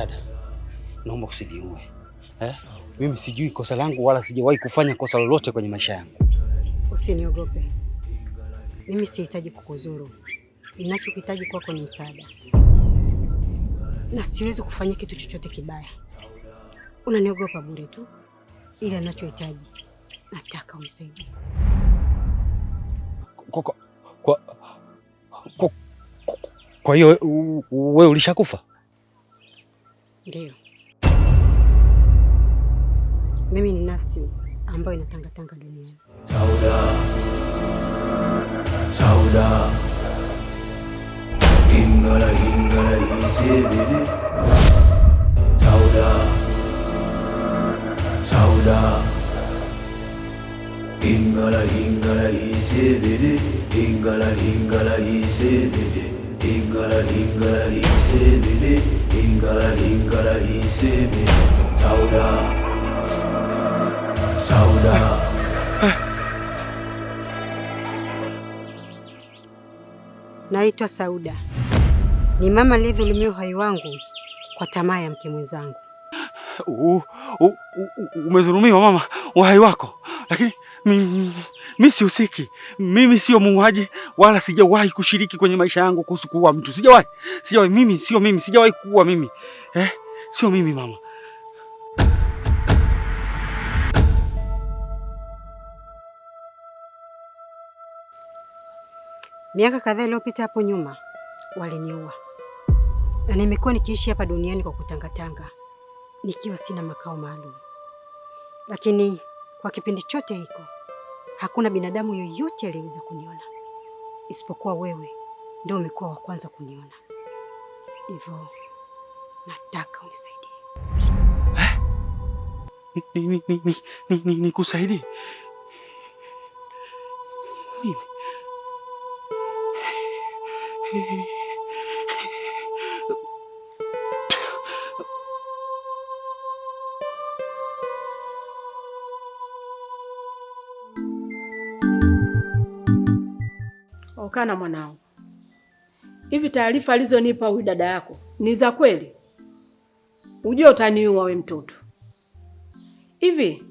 Dada, naomba usijiue eh? Mimi sijui kosa langu wala sijawahi kufanya kosa lolote kwenye maisha yangu. Usiniogope, mimi sihitaji kukuzuru. Ninachohitaji kwako ni msaada, na siwezi kufanya kitu chochote kibaya. Unaniogopa bure tu, ila anachohitaji nataka unisaidie. Kwa hiyo wewe ulishakufa? Ndiyo, mimi ni nafsi ambayo inatangatanga duniani. Sauda, Sauda ingala ingala ise Sauda, Sauda ingala ingala ise bebe ingala ingala ise bebe ingala ingala Niseme Sauda, Sauda. Naitwa Sauda, ni mama aliyedhulumiwa uhai wangu kwa tamaa ya mke mwenzangu. Umezulumiwa mama, uhai wako? Lakini mi sihusiki, mimi sio muuaji wala sijawahi kushiriki kwenye maisha yangu kuhusu kuua mtu. Sijawahi, sijawahi, mimi sio mimi, sijawahi kuua mimi eh? sio mimi mama. Miaka kadhaa iliyopita hapo nyuma waliniua, na nimekuwa nikiishi hapa duniani kwa kutangatanga, nikiwa sina makao maalum. Lakini kwa kipindi chote hiko hakuna binadamu yoyote aliyeweza kuniona isipokuwa wewe, ndio umekuwa wa kwanza kuniona hivyo nataka unisaidie. Eh? Nikusaidie mimi? Okana mwanao, hivi taarifa alizonipa huyu dada yako ni za kweli? Ujua utaniua we mtoto. Hivi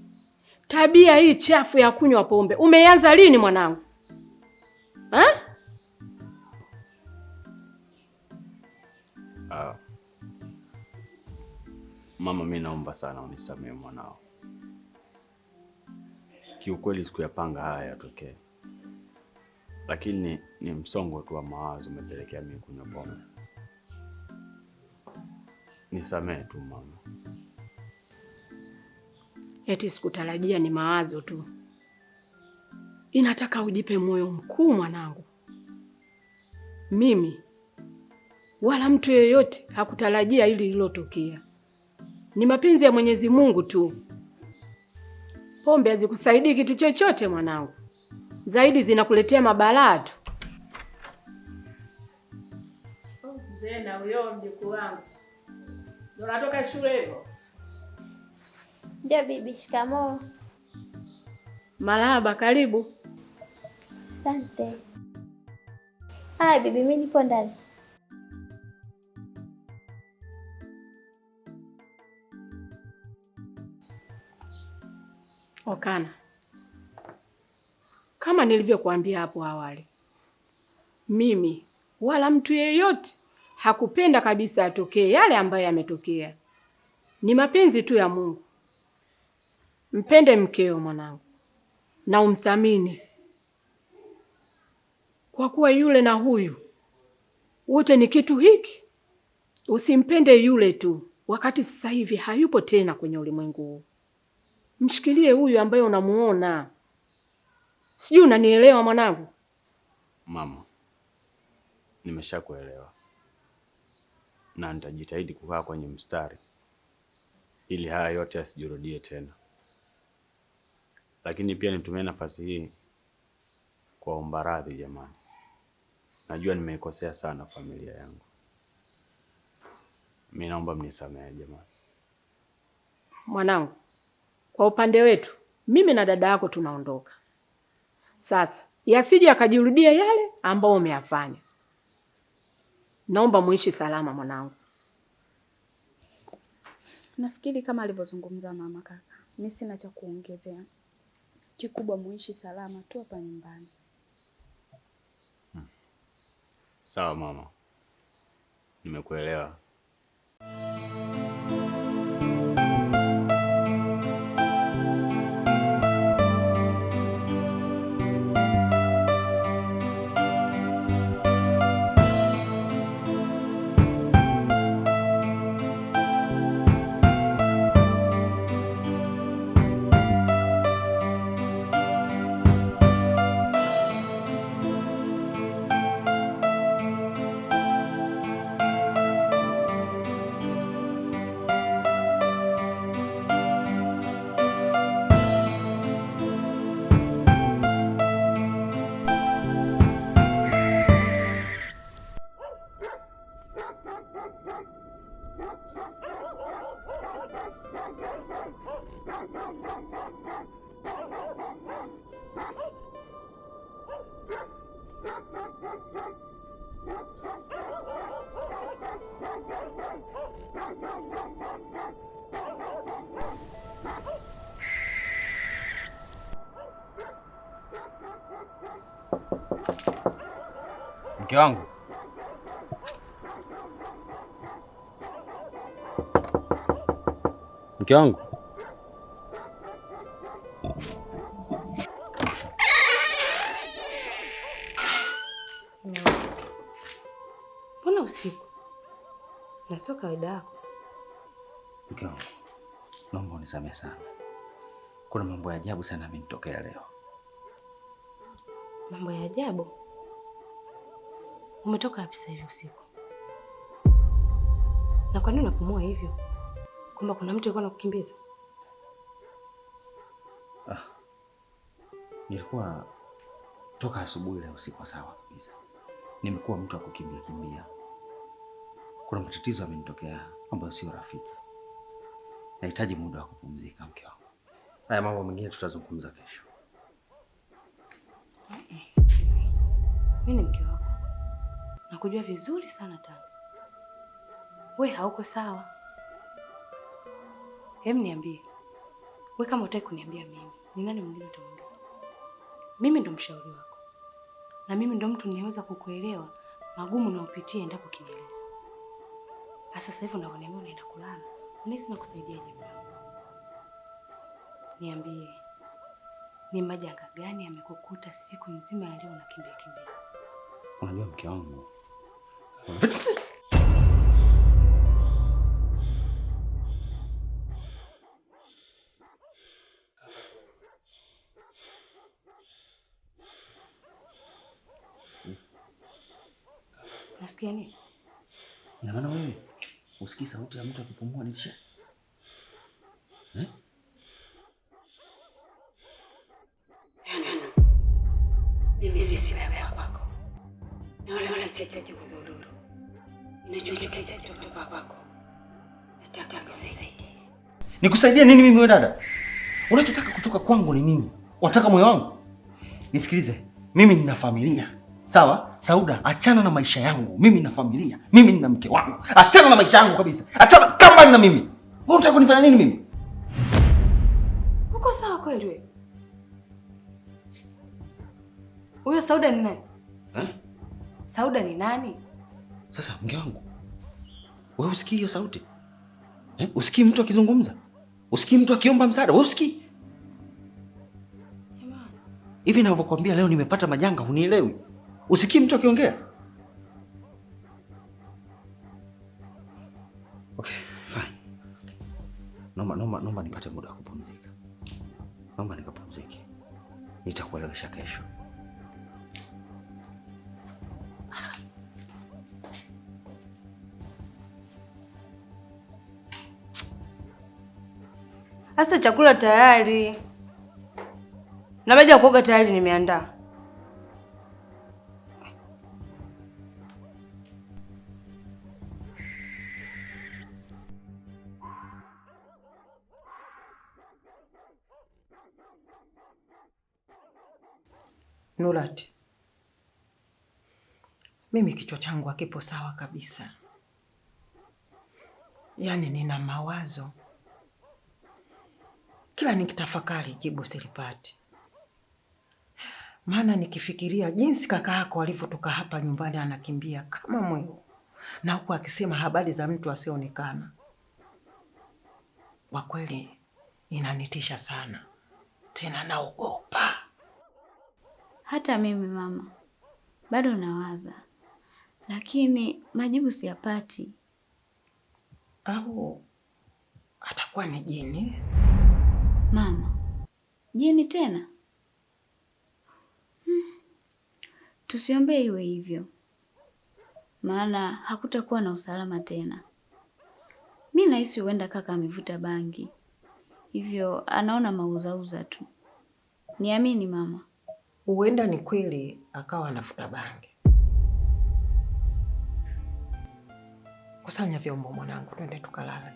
tabia hii chafu ya kunywa pombe umeanza lini mwanangu ha? Uh, mama, mi naomba sana unisamehe mwanao. Kiukweli sikuyapanga haya yatokee, lakini ni msongo tu wa mawazo umepelekea mimi kunywa pombe nisamehe tu mama. Eti sikutarajia, ni mawazo tu. Inataka ujipe moyo mkuu mwanangu. Mimi wala mtu yeyote hakutarajia hili lililotokea, ni mapenzi ya Mwenyezi Mungu tu. Pombe hazikusaidii kitu chochote mwanangu, zaidi zinakuletea mabalaa tu. Oh, Zena, huyo mjukuu wangu Unatoka shule hivyo? Ndio bibi. Shikamoo. Marahaba, karibu. Asante. Haya bibi, mimi nipo ndani. Okana, kama nilivyokuambia hapo awali, mimi wala mtu yeyote hakupenda kabisa atokee yale ambayo yametokea. Ni mapenzi tu ya Mungu. Mpende mkeo mwanangu, na umthamini kwa kuwa yule na huyu wote ni kitu hiki. Usimpende yule tu wakati sasa hivi hayupo tena kwenye ulimwengu huu. Mshikilie huyu ambaye unamuona. Sijui unanielewa mwanangu? Mama, nimeshakuelewa na nitajitahidi kukaa kwenye mstari ili haya yote asijirudie tena. Lakini pia nitumie nafasi hii kuwaomba radhi jamani, najua nimeikosea sana familia yangu. Mi naomba mnisamehe jamani. Mwanangu, kwa upande wetu mimi na dada yako tunaondoka sasa, yasije akajirudia yale ambayo umeyafanya. Naomba muishi salama mwanangu. Nafikiri kama alivyozungumza mama kaka, mimi sina cha kuongezea. Kikubwa muishi salama tu hapa nyumbani. Hmm. Sawa mama, nimekuelewa. Mke wangu mke wangu, mbona usiku na sio kawaida yako? Mke wangu, naomba unisamehe sana. Kuna mambo ya ajabu sana amenitokea leo. Mambo ya ajabu? Umetoka wapi sasa hivi usiku? Na kwa nini unapumua hivyo? Kwamba kuna mtu alikuwa anakukimbiza? Ah, nilikuwa toka asubuhi leo usiku sawa kabisa, nimekuwa mtu wa kukimbia kimbia. Kuna matatizo amenitokea ambayo sio rafiki Nahitaji muda wa kupumzika, mke wangu. Haya mambo mengine tutazungumza kesho. Mimi ni mke wako, nakujua vizuri sana Tano. We hauko sawa. Hem, niambie we, kama utaki kuniambia mimi, ni nani mwingine utamwambia? Mimi ndo mshauri wako na mimi ndo mtu ninaweza kukuelewa magumu unayopitia endapo kinieleza. Sasa hivi unavyoniambia unaenda kulala Unaweza nakusaidiaje mwanangu? Niambie, ni majanga gani yamekukuta siku nzima ya leo unakimbia kimbia? Unajua mke wangu nasikia nini? Na maana wewe usikii sauti ya mtu akipumua nilisha eh? Hmm? Mimi si wewe wako, na wala kutoka kwako, nataka Nikusaidia nini mimi? Wewe dada, unachotaka kutoka kwangu ni nini? Unataka moyo wangu? Nisikilize, mimi nina familia Sawa Sauda, achana na maisha yangu mimi na familia, mimi na mke wangu, achana na maisha yangu kabisa, achana kama na mimi. Wewe unataka kunifanya nini mimi? Uko sawa kweli wewe? Huyo Sauda ni nani? Eh? Sauda ni nani? Sasa mke wangu, wewe usikii hiyo sauti eh? Usikii mtu akizungumza, usikii mtu akiomba msaada, wewe usikii hivi navyokwambia. Leo nimepata majanga, hunielewi Usikii mtu akiongea? Okay, fine. Noma, noma, noma nipate muda wa kupumzika. Noma nikapumzike. Nitakuelewesha kesho. Sasa chakula tayari na maji ya kuoga tayari nimeandaa. mimi kichwa changu hakipo sawa kabisa, yaani nina mawazo kila nikitafakari jibu silipati. Maana nikifikiria jinsi kaka yako alivyotoka hapa nyumbani anakimbia kama mweo, na huku akisema habari za mtu asionekana, kwa kweli inanitisha sana, tena naogopa. Hata mimi mama, bado nawaza lakini majibu siyapati. Au atakuwa ni jini? Mama, jini tena? Hmm. Tusiombee iwe hivyo, maana hakutakuwa na usalama tena. Mi nahisi huenda kaka amevuta bangi, hivyo anaona mauzauza tu. Niamini mama, huenda ni kweli akawa anafuta bangi. kusanya vyombo mwanangu, twende tukalale.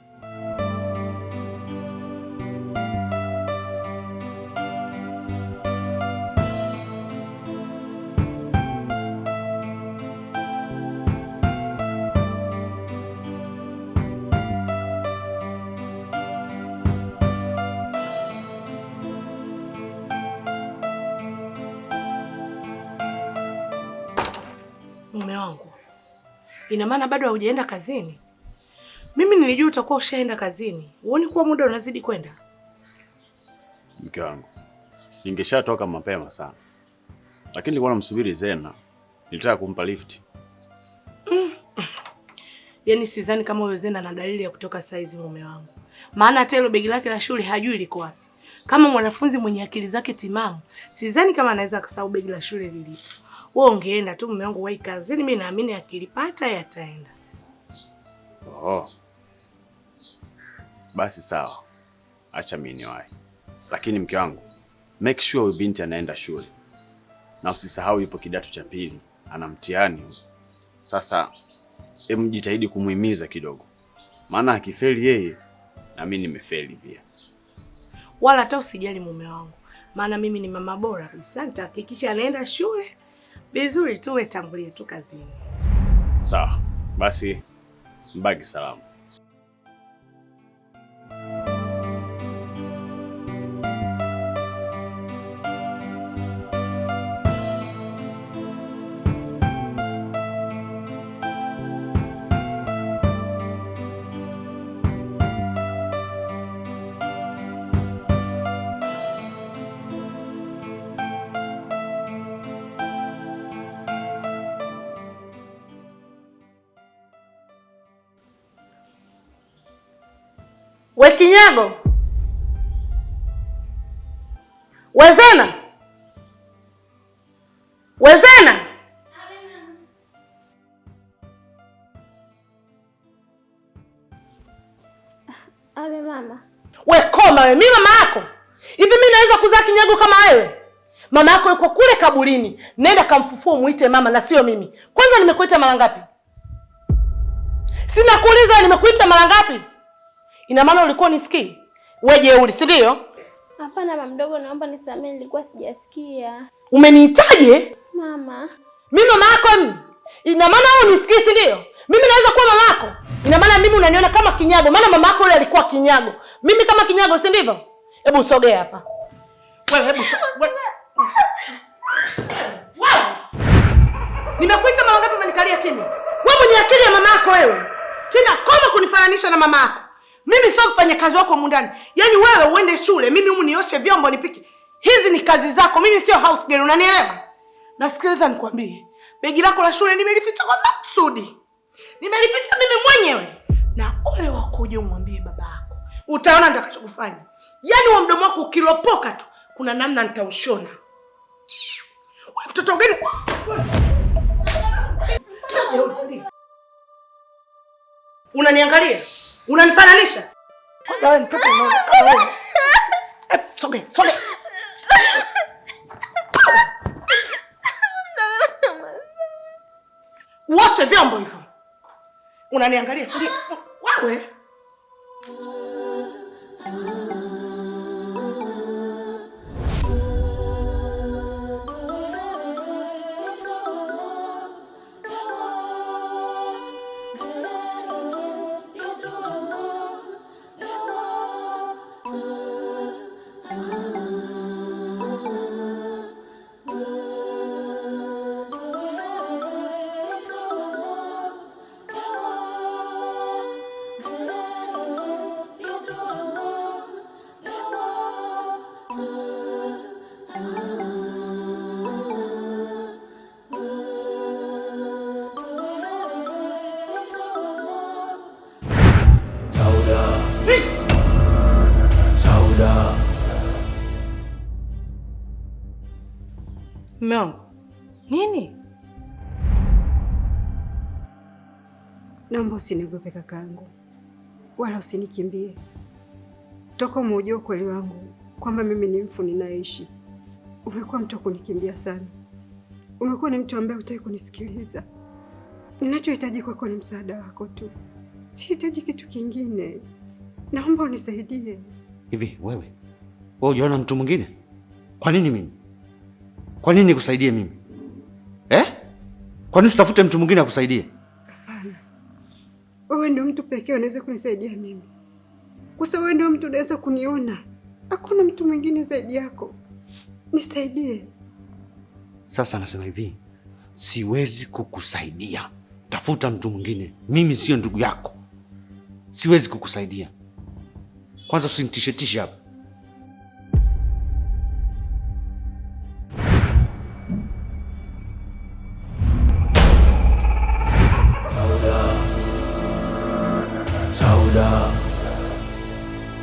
Ina maana bado haujaenda kazini? Mimi nilijua utakuwa ushaenda kazini. Huoni kuwa muda unazidi kwenda? Mke wangu, ningeshatoka mapema sana, lakini nilikuwa namsubiri Zena, nilitaka kumpa lift. Mm. Yaani sidhani kama huyo Zena ana dalili ya kutoka saizi, mume wangu, maana hata ile begi lake la shule hajui liko wapi. Kama mwanafunzi mwenye akili zake timamu, sidhani kama anaweza kusahau begi la shule lilipo. Wewe ungeenda tu mume wangu, wai kazini. Mimi naamini akilipata yataenda. Oh, basi sawa, acha mimi niwahi, lakini mke wangu, make sure huyu binti anaenda shule, na usisahau yupo kidato cha pili, ana mtihani sasa. Hebu jitahidi kumuhimiza kidogo, maana akifeli yeye na mimi nimefeli pia. Wala hata usijali mume wangu, maana mimi ni mama bora kabisa, nitahakikisha anaenda shule Vizuri tu, wewe tangulie tu kazini. Sawa basi, mbaki salama. Kinyago, Wezena, Wezena, Awe mama. We koma we, mi mama yako hivi? Mi naweza kuzaa Kinyago kama wewe? Mama yako yuko kule kaburini, nenda kamfufua, muite mama na sio mimi. Kwanza nimekuita mara ngapi? Sina kuuliza, nimekuita mara ngapi? Ina maana ulikuwa unisikii? Wewe jeuri, si ndio? Hapana mama mdogo, naomba nisamehe, nilikuwa sijasikia. Umenihitaje? Mama. Mimi mama yako mimi. Ina maana wewe unisikii, si ndio? Mimi naweza kuwa mama yako? Ina maana mimi unaniona kama kinyago, maana mama yako yule alikuwa kinyago. Mimi kama kinyago, si ndivyo? Hebu sogea hapa. Wewe hebu so, we. Wow. Nimekuita mara ngapi umenikalia kimya? Wewe mwenye akili ya mama yako wewe. Tena koma kunifananisha na mama yako. Mimi sio mfanyakazi wako humu ndani. Yaani wewe uende shule, mimi humu nioshe vyombo, nipike. Hizi ni kazi zako. Mimi sio house girl, unanielewa? Nasikiliza nikwambie. Begi lako la shule nimelificha kwa maksudi, Nimelificha mimi mwenyewe. Na ole wako uje umwambie baba yako. Utaona nitakachokufanya. Yaani wa mdomo wako ukilopoka tu kuna namna nitaushona. Wewe mtoto gani? Unaniangalia? Unanifananisha? Kwanza wewe mtoto unaona. Eh, sogea, sogea. Uache vyombo hivyo. Unaniangalia si wewe? Naomba usiniogope kakaangu, wala usinikimbie. Toka umeujua ukweli wangu kwamba mimi ni mfu ninaishi, umekuwa mtu wa kunikimbia sana. Umekuwa ni mtu ambaye hutaki kunisikiliza. Ninachohitaji kwako ni msaada wako tu, sihitaji kitu kingine. Naomba unisaidie. Hivi wewe wewe ujaona mtu mwingine? Kwa nini mimi? Kwa nini nikusaidie mimi eh? Kwa nini usitafute mtu mwingine akusaidie? Wewe ndio mtu pekee unaweza kunisaidia mimi, kwa sababu wewe ndio mtu unaweza kuniona. Hakuna mtu mwingine zaidi yako, nisaidie. Sasa nasema hivi, siwezi kukusaidia, tafuta mtu mwingine. Mimi sio ndugu yako, siwezi kukusaidia. Kwanza usinitishetishe hapa.